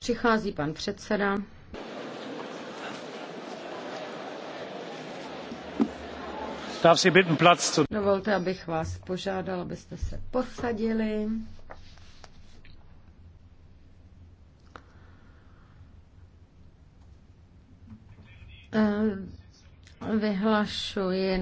Přichází pan předseda. Darf si bitten Platz zu... Dovolte, abych vás požádal, abyste se posadili. Eh, vyhlašuji na